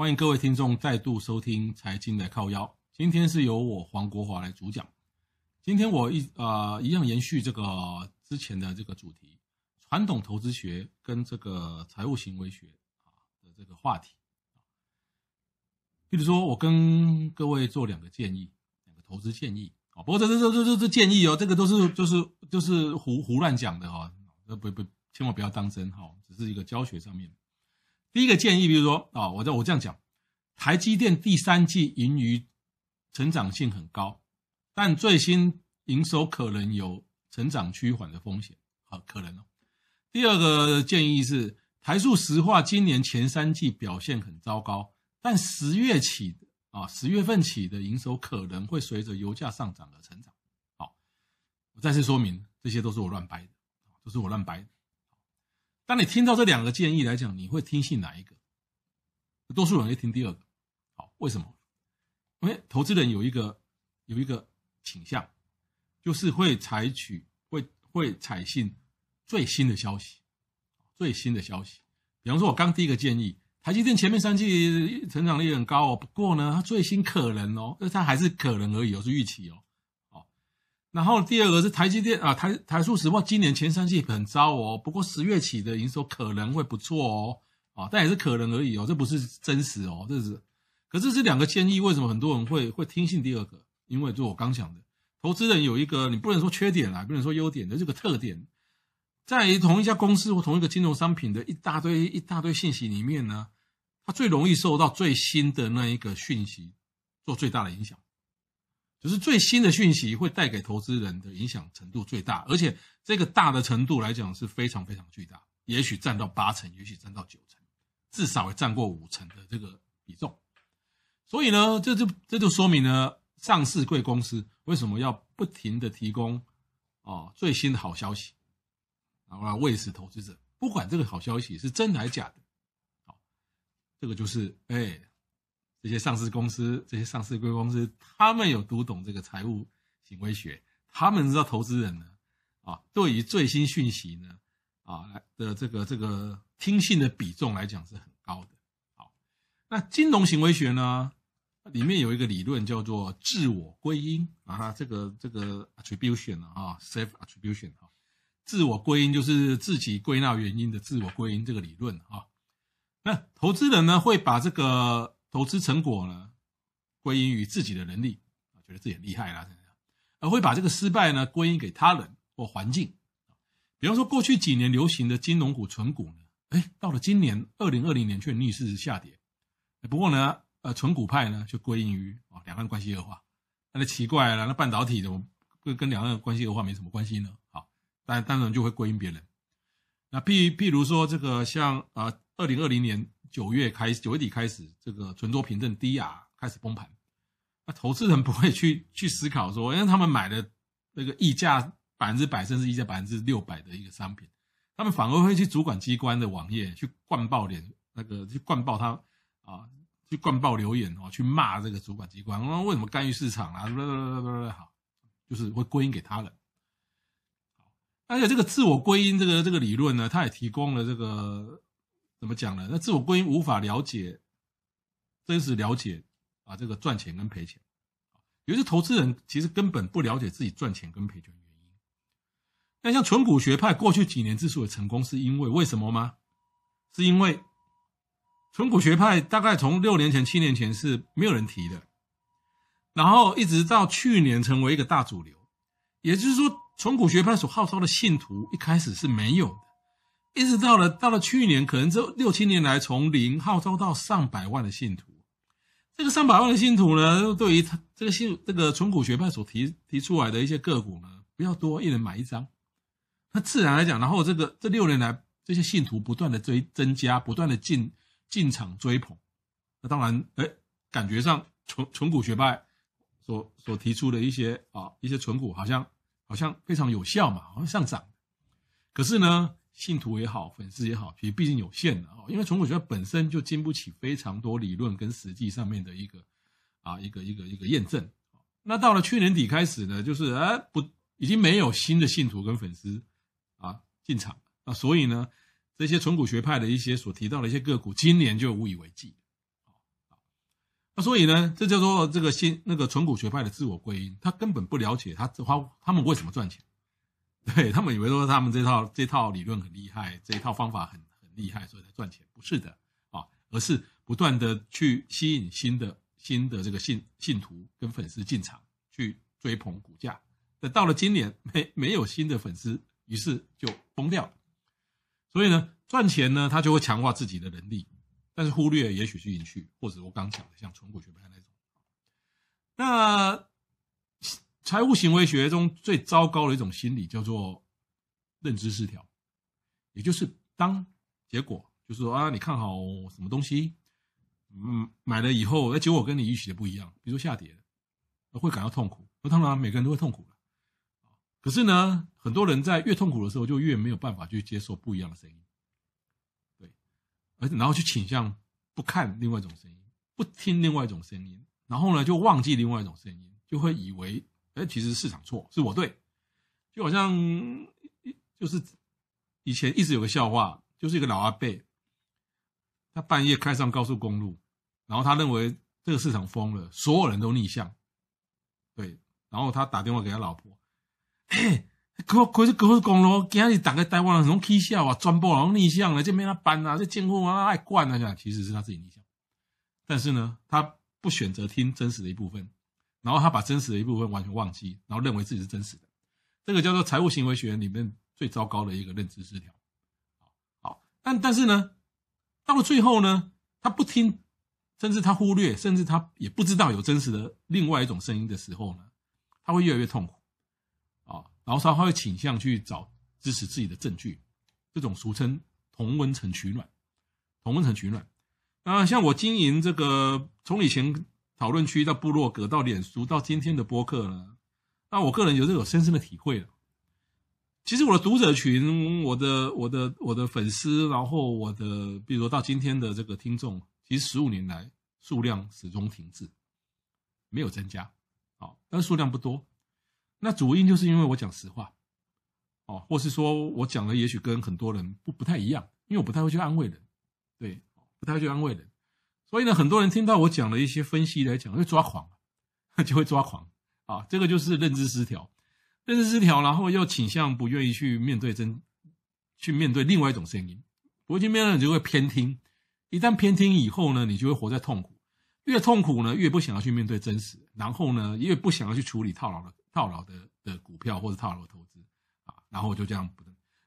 歡迎各位聽眾再度收聽《財經的靠腰》，今天是由我黃國華來主講。今天我一啊、呃，一樣延續這個之前的這個主題，傳統投資學跟這個財務行為學啊的這個話題。比如說，我跟各位做兩個建議，兩個投資建議啊。不過這這這這這建議哦，這個都是就是、就是、就是胡胡亂講的哈，不不千萬不要當真哈、哦，只是一個教學上面。第一個建議，比如說啊，我我這樣講，台積電第三季盈餘成長性很高，但最新營收可能有成長趨緩的風險，啊，可能哦。第二個建議是，台塑石化今年前三季表現很糟糕，但十月起的啊十月份起的營收可能會隨着油價上漲而成長。好，我再次說明，這些都是我亂掰的，都是我亂掰的。當你聽到這兩個建議來講，你會聽信哪一個？多數人會聽第二個。好，為什麼？因為投資人有一個有一個傾向，就是會採取會會採信最新的消息，最新的消息。比方說，我剛第一個建議，台積電前面三季成長率很高哦，不過呢，它最新可能哦，它還是可能而已哦，是預期哦。然後第二個是台積電啊，台台塑石化今年前三季很糟哦，不過十月起的營收可能會不錯哦，啊，但也是可能而已哦，這不是真實哦，這是。可是這是兩個建議，為什麼很多人會會聽信第二個？因為就我剛講的，投資人有一個你不能說缺點啦、啊，不能說優點的這、就是、個特點，在同一家公司或同一個金融商品的一大堆一大堆信息裡面呢，它最容易受到最新的那一個訊息做最大的影響。就是最新的訊息會帶給投資人的影響程度最大，而且這個大的程度來講是非常非常巨大，也許佔到八成，也許佔到九成，至少也佔過五成的這個比重。所以呢，這就這就說明了上市貴公司為什麼要不停的提供哦、啊、最新的好消息，然後來餵食投資者，不管這個好消息是真的還是假的、啊。這個就是哎。欸這些上市公司，這些上市公司，他們有讀懂這個財務行為學，他們知道投資人呢，啊，對於最新訊息呢，啊，的這個這個聽信的比重來講是很高的。好，那金融行為學呢，裡面有一個理論叫做自我歸因啊，這個這個 attribution 啊 self attribution，啊，自我歸因就是自己歸納原因的自我歸因這個理論啊，那投資人呢會把這個。投資成果呢，歸因於自己的能力，覺得自己很厲害啦，而會把這個失敗呢，歸因給他人或環境。比方說，過去幾年流行的金融股、存股呢，到了今年二零二零年卻逆勢下跌。不過呢，呃，存股派呢就歸因於兩岸關係惡化，那奇怪了，那半導體怎麼跟跟兩岸關係惡化沒什麼關係呢？好，當然當然就會歸因別人。那譬譬如說這個像啊二零二零年。九月開始，九月底開始，這個存託憑證 DR，開始崩盤。那投資人不會去去思考說，因為他們買的那個溢價百分之百，甚至溢價百分之六百的一個商品，他們反而會去主管機關的網頁去灌爆臉，那個去灌爆他啊，去灌爆留言哦，去罵這個主管機關，為什麼干預市場啊，什麼什麼什好，就是會歸因給他人。而且這個自我歸因這個這個理論呢，它也提供了這個。怎麼講呢？那自我歸因無法了解真實了解啊，這個賺錢跟賠錢。有些投資人其實根本不了解自己賺錢跟賠錢的原因。那像純股學派過去幾年之所以成功，是因為為什麼嗎？是因為純股學派大概從六年前七年前是沒有人提的，然後一直到去年成為一個大主流，也就是說純股學派所號召的信徒一開始是沒有的。一直到了到了去年，可能這六七年來，從零號召到上百萬的信徒。這個上百萬的信徒呢，對於他這個信這個存股學派所提提出來的一些個股呢，不要多，一人買一張。那自然來講，然後這個這六年來，這些信徒不斷的追增加，不斷的進進場追捧。那當然，哎，感覺上存存股學派所所提出的一些啊、哦、一些存股，好像好像非常有效嘛，好像上漲。可是呢？信徒也好，粉絲也好，其實畢竟有限的哦。因為純股學派本身就經不起非常多理論跟實際上面的一個啊一個一個一個驗證。那到了去年底開始呢，就是哎、啊、不，已經沒有新的信徒跟粉絲啊進場啊，那所以呢，這些純股學派的一些所提到的一些個股，今年就無以為繼。那所以呢，這叫做這個新那個純股學派的自我歸因，他根本不了解他花他，他們為什麼賺錢。對，他們以為說他們這套這套理論很厲害，這一套方法很很厲害，所以才賺錢。不是的啊，而是不斷的去吸引新的新的這個信信徒跟粉絲進場去追捧股價。那到了今年沒沒有新的粉絲，於是就崩掉。所以呢，賺錢呢，他就會強化自己的能力，但是忽略也許是運氣，或者我剛講的像純股學派那種。那。財務行為學中最糟糕的一種心理叫做認知失調，也就是當結果就是說啊，你看好什麼東西，嗯，買了以後，那結果跟你預期的不一樣，比如說下跌，會感到痛苦。那當然每個人都會痛苦了，可是呢，很多人在越痛苦的時候就越沒有辦法去接受不一樣的聲音，對，而且然後去傾向不看另外一種聲音，不聽另外一種聲音，然後呢就忘記另外一種聲音，就會以為。哎，其實市場錯，是我對，就好像就是以前一直有個笑話，就是一個老阿伯，他半夜開上高速公路，然後他認為這個市場瘋了，所有人都逆向，對，然後他打電話給他老婆，高速公路給他打個台灣什麼 K 象啊，專播，然後逆向啊，這沒讓他搬啊，這建物啊愛慣啊，講其實是他自己逆向，但是呢，他不選擇聽真實的一部分。然後他把真實的一部分完全忘記，然後認為自己是真實的，這個叫做財務行為學裡面最糟糕的一個認知失調。好，但但是呢，到了最後呢，他不聽，甚至他忽略，甚至他也不知道有真實的另外一種聲音的時候呢，他會越來越痛苦，啊，然後他會傾向去找支持自己的證據，這種俗稱同溫層取暖，同溫層取暖。那像我經營這個，從以前，討論區到部落格到臉書到今天的播客呢，那我個人有這種深深的體會了。其實我的讀者群，我的我的我的粉絲，然後我的，比如說到今天的這個聽眾，其實十五年來數量始終停滯，沒有增加，好，但是數量不多。那主因就是因為我講實話，哦，或是說我講的也許跟很多人不不太一樣，因為我不太會去安慰人，對，不太會去安慰人。所以呢，很多人聽到我講的一些分析來講，會抓狂，就會抓狂啊！這個就是認知失調，認知失調，然後又傾向不願意去面對真，去面對另外一種聲音，不去面對，你就會偏聽，一旦偏聽以後呢，你就會活在痛苦，越痛苦呢，越不想要去面對真實，然後呢，越不想要去處理套牢的套牢的的股票或者套牢的投資啊，然後就這樣。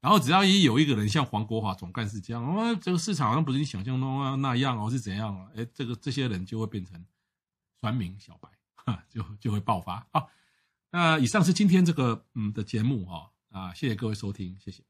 然後只要一有一個人像黃國華總幹事這樣，哇、哦，這個市場好像不是你想象中啊那樣哦，是怎樣哦？哎，這個這些人就會變成全民小白，就就會爆發。好、啊，那以上是今天這個嗯的節目哈啊，謝謝各位收聽，謝謝。